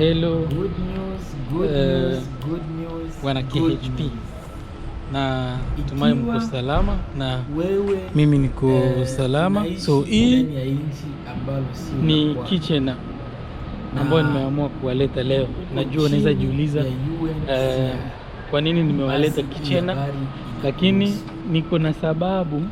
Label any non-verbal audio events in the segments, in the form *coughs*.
Hello good news, good uh, news, good news, wana KHP Na tumai mko salama na wewe, mimi niko eh, salama So hii ni kitchen ambayo nimeamua kuwaleta leo. Najua unaweza jiuliza uh, kwa nini nimewaleta kitchen, lakini niko na sababu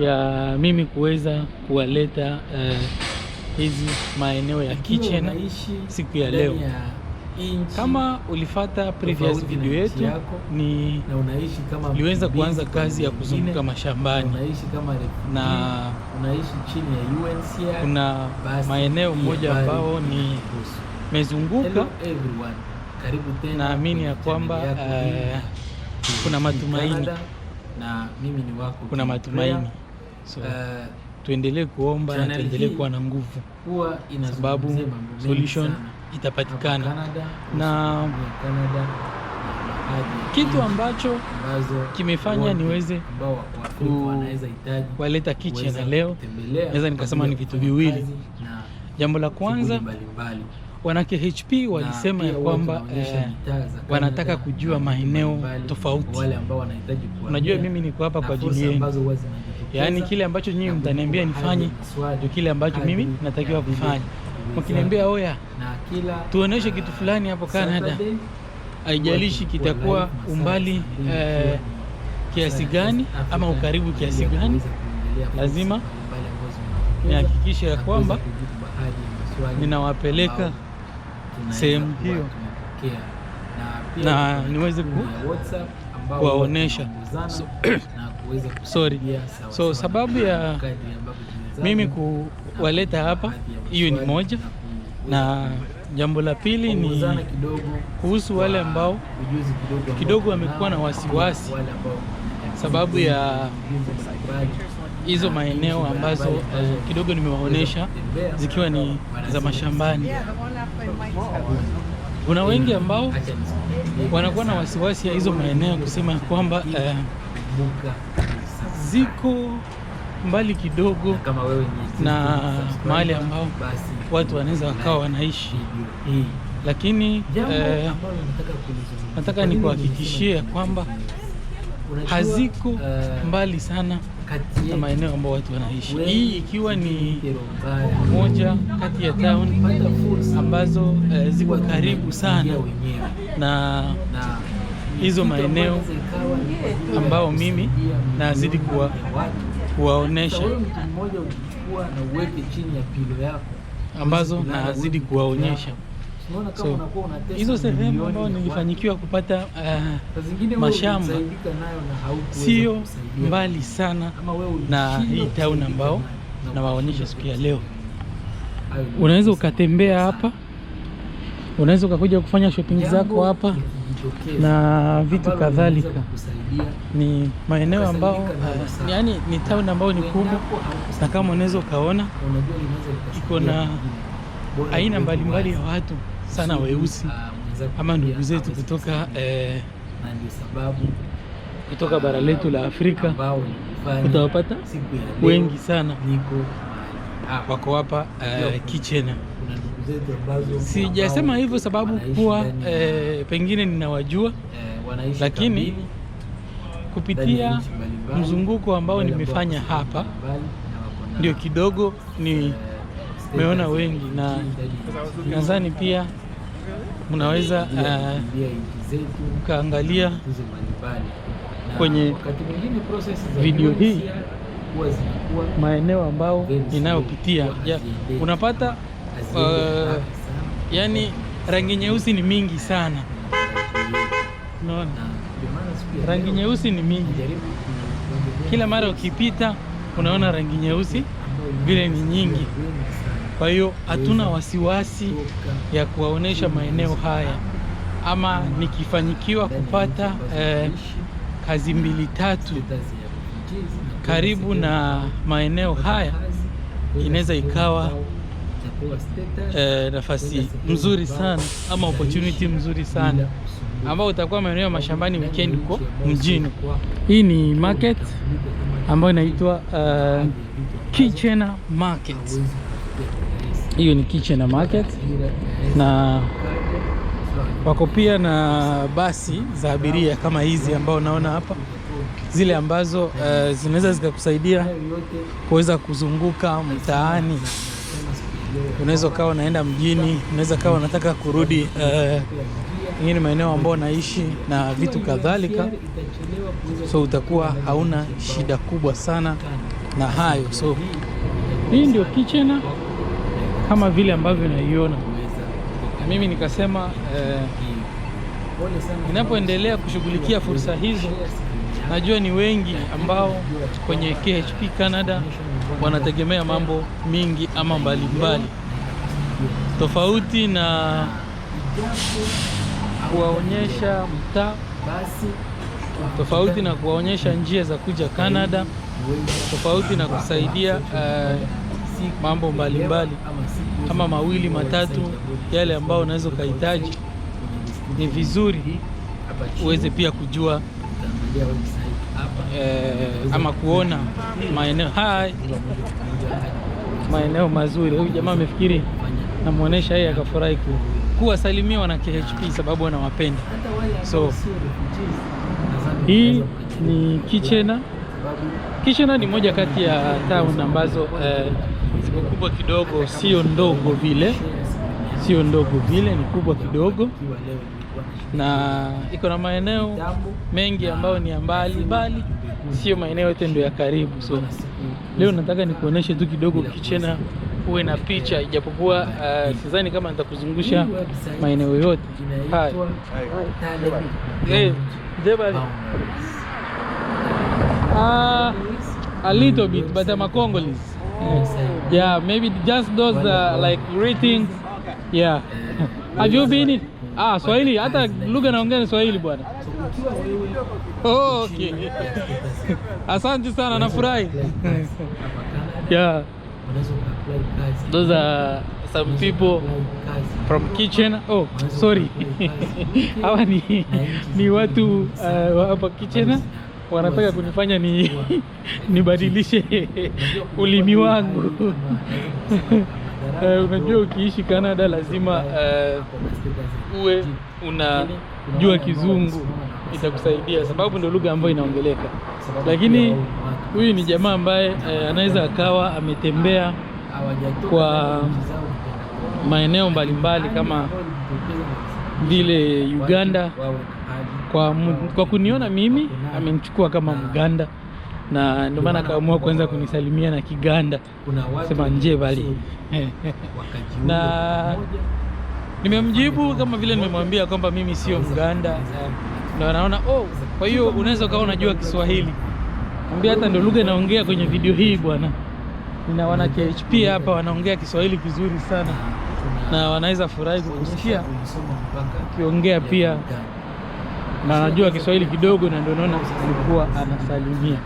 ya mimi kuweza kuwaleta uh, hizi maeneo ya kitchen siku ya leo. Kama ulifata previous video yetu ni unaishi kama niliweza kuanza kazi ya kuzunguka mashambani na unaishi chini ya kuna maeneo moja ambao ni mezunguka. everyone, karibu tena. Naamini ya kwamba uh, kuna matumaini na mimi ni wako, kuna matumaini so, uh, tuendelee kuomba na tuendelee kuwa na nguvu, sababu solution itapatikana na kitu ambacho kimefanya niweze kuwaleta Kiche na leo, naweza nikasema ni vitu viwili. Jambo la kwanza, wanake HP walisema ya kwamba eh, wanataka kujua maeneo tofauti. Unajua, mimi niko hapa kwa ajili yenu yaani kile ambacho nyinyi mtaniambia nifanye ndio kile ambacho mimi natakiwa kufanya. Mkiniambia oya, tuoneshe kitu fulani hapo Canada, haijalishi kitakuwa umbali eh, kiasi gani ama ukaribu kiasi gani, lazima nihakikishe ya kwamba ninawapeleka sehemu hiyo na niweze ku kuwaonesha *coughs* sorry. So sababu ya mimi kuwaleta hapa, hiyo ni moja, na jambo la pili ni kuhusu wale ambao kidogo wamekuwa na wasiwasi sababu ya hizo maeneo ambazo eh, kidogo nimewaonyesha zikiwa ni za mashambani. Kuna mm. wengi ambao wanakuwa na wasiwasi ya hizo maeneo kusema kwamba eh, ziko mbali kidogo na mahali ambao watu wanaweza wakawa wanaishi, mm. lakini eh, nataka nikuhakikishie ya kwamba haziko eh, mbali sana kati ya maeneo ambayo watu wanaishi. Hii ikiwa ni moja kati ya town ambazo eh, ziko karibu sana na hizo maeneo ambao mimi nazidi kuwa kuwaonesha ambazo nazidi kuwaonyesha So hizo sehemu ambayo nilifanyikiwa kupata uh, mashamba sio mbali sana na hii town ambao nawaonyesha siku ya leo. Unaweza ukatembea hapa, unaweza ukakuja kufanya shopping zako hapa na vitu kadhalika. Ni maeneo ambao uh, yani ni town ambayo ni kubwa, na kama unaweza ukaona iko na aina mbalimbali ya mbali watu sana ah, weusi ama ndugu zetu kutoka eh, kutoka bara letu la Afrika utawapata wengi sana wako hapa eh, Kichena. Sijasema hivyo sababu kuwa eh, pengine ninawajua eh, lakini kupitia mzunguko ambao nimefanya hapa ndio kidogo ni eh, umeona wengi na nadhani pia mnaweza uh, ukaangalia kwenye video hii maeneo ambao inayopitia ya, unapata uh, yani rangi nyeusi ni mingi sana. Unaona, rangi nyeusi ni mingi, kila mara ukipita unaona rangi nyeusi vile ni nyingi. Kwa hiyo hatuna wasiwasi ya kuwaonesha maeneo haya, ama nikifanyikiwa kupata eh, kazi mbili tatu karibu na maeneo haya inaweza ikawa eh, nafasi mzuri sana ama opportunity mzuri sana ambao utakuwa maeneo ya mashambani weekend huko mjini. Hii ni market ambayo inaitwa uh, Kitchener Market. Hiyo ni kitchen na market, na wako pia na basi za abiria kama hizi ambao unaona hapa, zile ambazo uh, zinaweza zikakusaidia kuweza kuzunguka mtaani. Unaweza ukawa unaenda mjini, unaweza kawa unataka kurudi ingine eh, uh, maeneo ambao unaishi na vitu kadhalika, so utakuwa hauna shida kubwa sana na hayo. So hii ndio kitchen kama vile ambavyo naiona na mimi nikasema eh, ninapoendelea kushughulikia fursa hizo, najua ni wengi ambao kwenye KHP Canada wanategemea mambo mingi ama mbalimbali mbali. Tofauti na kuwaonyesha mtaa, tofauti na kuwaonyesha njia za kuja Canada, tofauti na kusaidia uh, mambo mbalimbali mbali ama mawili matatu yale ambayo unaweza ukahitaji, ni vizuri uweze pia kujua eh, ama kuona maeneo haya, maeneo mazuri. Huyu jamaa amefikiri namwonyesha yeye akafurahi kuwasalimiwa na KHP sababu anawapenda. So hii ni Kichena. Kichena ni moja kati ya town ambazo eh, ni kubwa kidogo, sio ndogo vile, sio ndogo vile, ni kubwa kidogo na iko na maeneo mengi ambayo ni ya mbali mbali, sio maeneo yote ndio ya karibu. So leo nataka nikuoneshe tu kidogo Kichena, uwe na picha, ijapokuwa uh, sidhani kama nitakuzungusha maeneo yote Hey, ah, a little bit but I'm a Congolese Yes. Yeah, maybe just those uh, like greetings. Okay. Yeah. *laughs* Have you been in Ah, Swahili hata lugha naongea ni Swahili bwana. Oh, okay. *laughs* Asante sana nafurahi. Yeah. Those are some people from kitchen. Oh, sorry. *laughs* Hawa ni watu uh, hapa kitchen wanataka kunifanya ni *laughs* nibadilishe *laughs* ulimi wangu. Uh, *laughs* unajua ukiishi Canada lazima uh, uwe unajua kizungu itakusaidia, sababu ndio lugha ambayo inaongeleka. Lakini huyu ni jamaa ambaye uh, anaweza akawa ametembea kwa maeneo mbalimbali mbali kama yaani vile Uganda kwa, kwa kuniona mimi amenichukua kama Mganda na ndio maana akaamua kuanza kunisalimia na Kiganda, sema nje bali *laughs* na nimemjibu kama vile nimemwambia kwamba mimi sio Mganda na wanaona oh, kwa hiyo unaweza ukawa unajua Kiswahili. Mwambia hata ndio lugha inaongea kwenye video hii bwana, nina wana KHP hapa wanaongea Kiswahili kizuri sana na wanaweza furahi kukusikia ukiongea pia na anajua Kiswahili kidogo, na ndio naona alikuwa anasalimia.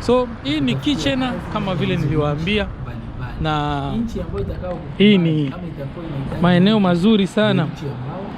So hii ni kichena kama vile niliwaambia, na hii ni maeneo mazuri sana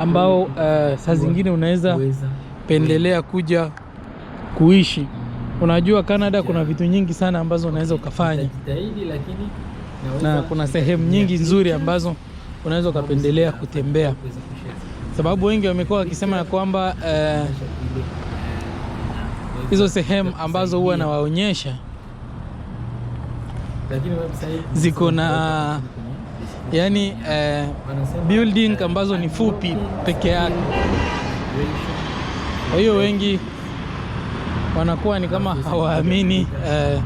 ambao uh, saa zingine unaweza pendelea kuja kuishi. Unajua Canada kuna vitu nyingi sana ambazo unaweza ukafanya, na kuna sehemu nyingi nzuri ambazo unaweza ukapendelea kutembea sababu wengi wamekuwa wakisema ya kwamba eh, hizo sehemu ambazo huwa nawaonyesha ziko na yani uh, building ambazo ni fupi peke yake. Kwa hiyo wengi wanakuwa ni kama hawaamini uh,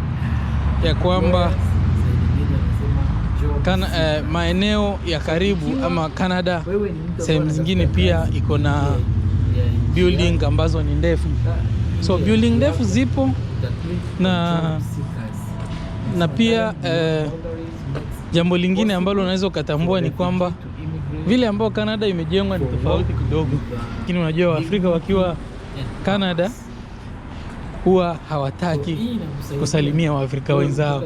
ya kwamba kan, uh, eh, maeneo ya karibu ama Canada, sehemu zingine pia iko na building ambazo ni ndefu, so building ndefu zipo na, na pia uh, jambo lingine ambalo unaweza ukatambua ni kwamba vile ambao Canada imejengwa ni tofauti kidogo, lakini unajua Waafrika wakiwa Canada huwa hawataki kusalimia Waafrika wenzao.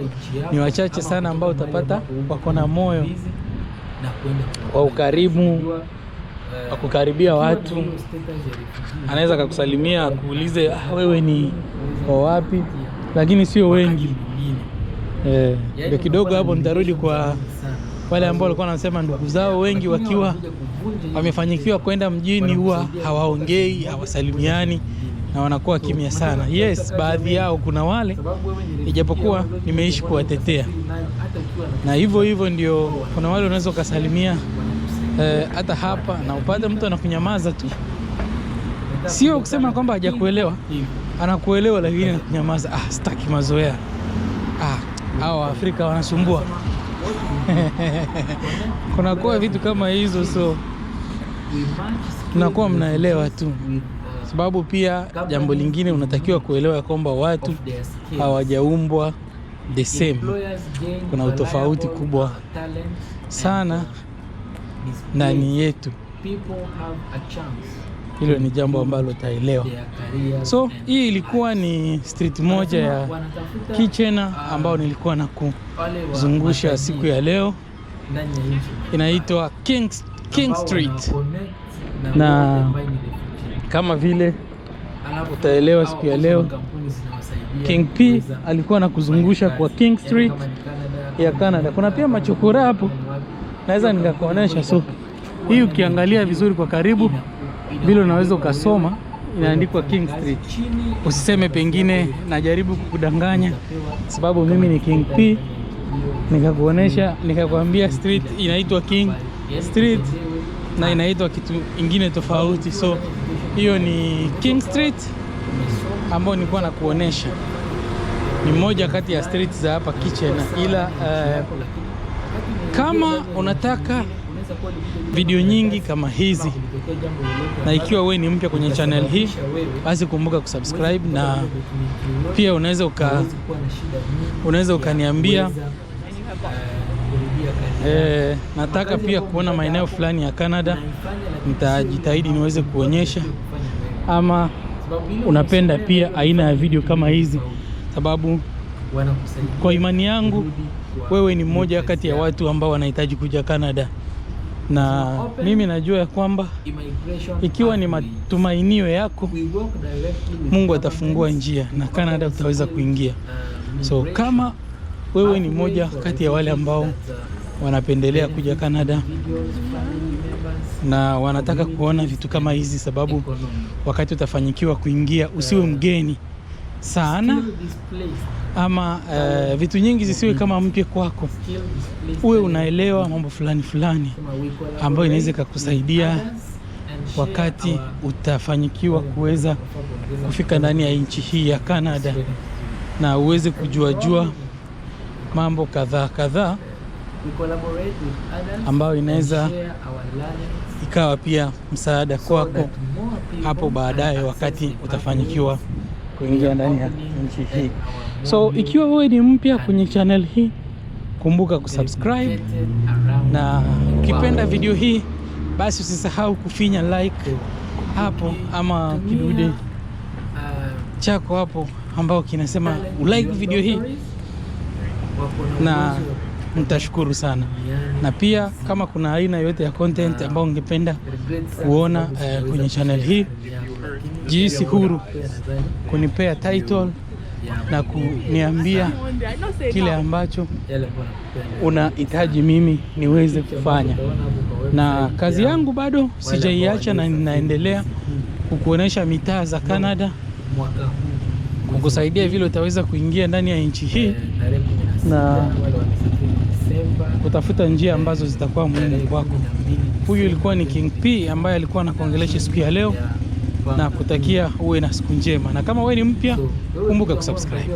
Ni wachache sana ambao utapata wako na moyo wa ukarimu wa eh, kukaribia watu. Anaweza akakusalimia akuulize, ah, wewe ni wa wapi, lakini sio wengi. Eh, yaani kidogo hapo nitarudi kwa wale ambao walikuwa wanasema ndugu zao wengi wakiwa wamefanyikiwa kwenda mjini huwa hawaongei, hawasalimiani na wanakuwa kimya sana. Yes, baadhi yao kuna wale, ijapokuwa nimeishi kuwatetea na hivyo hivyo, ndio kuna wale unaweza ukasalimia eh, hata eh, hapa na upate mtu anakunyamaza tu, sio kusema kwamba hajakuelewa, anakuelewa lakini anakunyamaza. Ah, sitaki mazoea. Ah, hawa Waafrika wanasumbua *laughs* kunakuwa vitu kama hizo, so tunakuwa mnaelewa tu sababu pia jambo lingine unatakiwa kuelewa kwamba watu hawajaumbwa the same. Kuna utofauti kubwa sana ndani yetu, hilo ni jambo ambalo utaelewa. So hii ilikuwa ni street moja ya Kichena uh, ambao nilikuwa na kuzungusha siku ya leo, inaitwa King, King Street na kama vile utaelewa siku ya leo. King P alikuwa anakuzungusha kwa King Street ya Canada. Kuna pia machokora hapo, naweza nikakuonesha. So hii ukiangalia vizuri kwa karibu vile unaweza ukasoma inaandikwa King Street. Usiseme pengine najaribu kukudanganya, sababu mimi ni King P nikakuonesha nikakwambia street inaitwa King Street na inaitwa kitu ingine tofauti so hiyo ni King Street ambayo nilikuwa kuonesha ni moja kati ya street za hapa Kichena, ila uh, kama unataka video nyingi kama hizi na ikiwa wewe ni mpya kwenye channel hii, basi kumbuka kusubscribe na pia unaweza uka unaweza ukaniambia Eh, nataka pia kuona maeneo fulani ya Canada, nitajitahidi niweze kuonyesha. Ama unapenda pia aina ya video kama hizi, sababu kwa imani yangu wewe ni mmoja kati ya watu ambao wanahitaji kuja Canada, na mimi najua ya kwamba ikiwa ni matumainio yako, Mungu atafungua njia na Canada utaweza kuingia. So kama wewe ni mmoja kati ya wale ambao wanapendelea kuja Canada na wanataka kuona vitu kama hizi, sababu wakati utafanyikiwa kuingia usiwe mgeni sana ama uh, vitu nyingi zisiwe kama mpya kwako, uwe unaelewa mambo fulani fulani ambayo inaweza kukusaidia wakati utafanyikiwa kuweza kufika ndani ya nchi hii ya Canada na uweze kujuajua mambo kadhaa kadhaa ambayo inaweza ikawa pia msaada kwako hapo baadaye wakati utafanikiwa kuingia ndani ya nchi hii. So ikiwa wewe ni mpya kwenye channel hii, kumbuka kusubscribe, na ukipenda video hii basi usisahau kufinya like hapo ama kidude uh, chako hapo ambao kinasema ulike video hii na mtashukuru sana, na pia kama kuna aina yoyote ya content ambayo ungependa kuona uh, kwenye channel hii, jihisi huru kunipea title na kuniambia kile ambacho unahitaji mimi niweze kufanya, na kazi yangu bado sijaiacha, na ninaendelea kukuonyesha mitaa za Canada, kukusaidia vile utaweza kuingia ndani ya nchi hii na kutafuta njia ambazo zitakuwa muhimu kwako. Huyu ilikuwa ni King P ambaye alikuwa anakuongelesha siku ya leo na kutakia uwe na siku njema, na kama wewe ni mpya, kumbuka kusubscribe.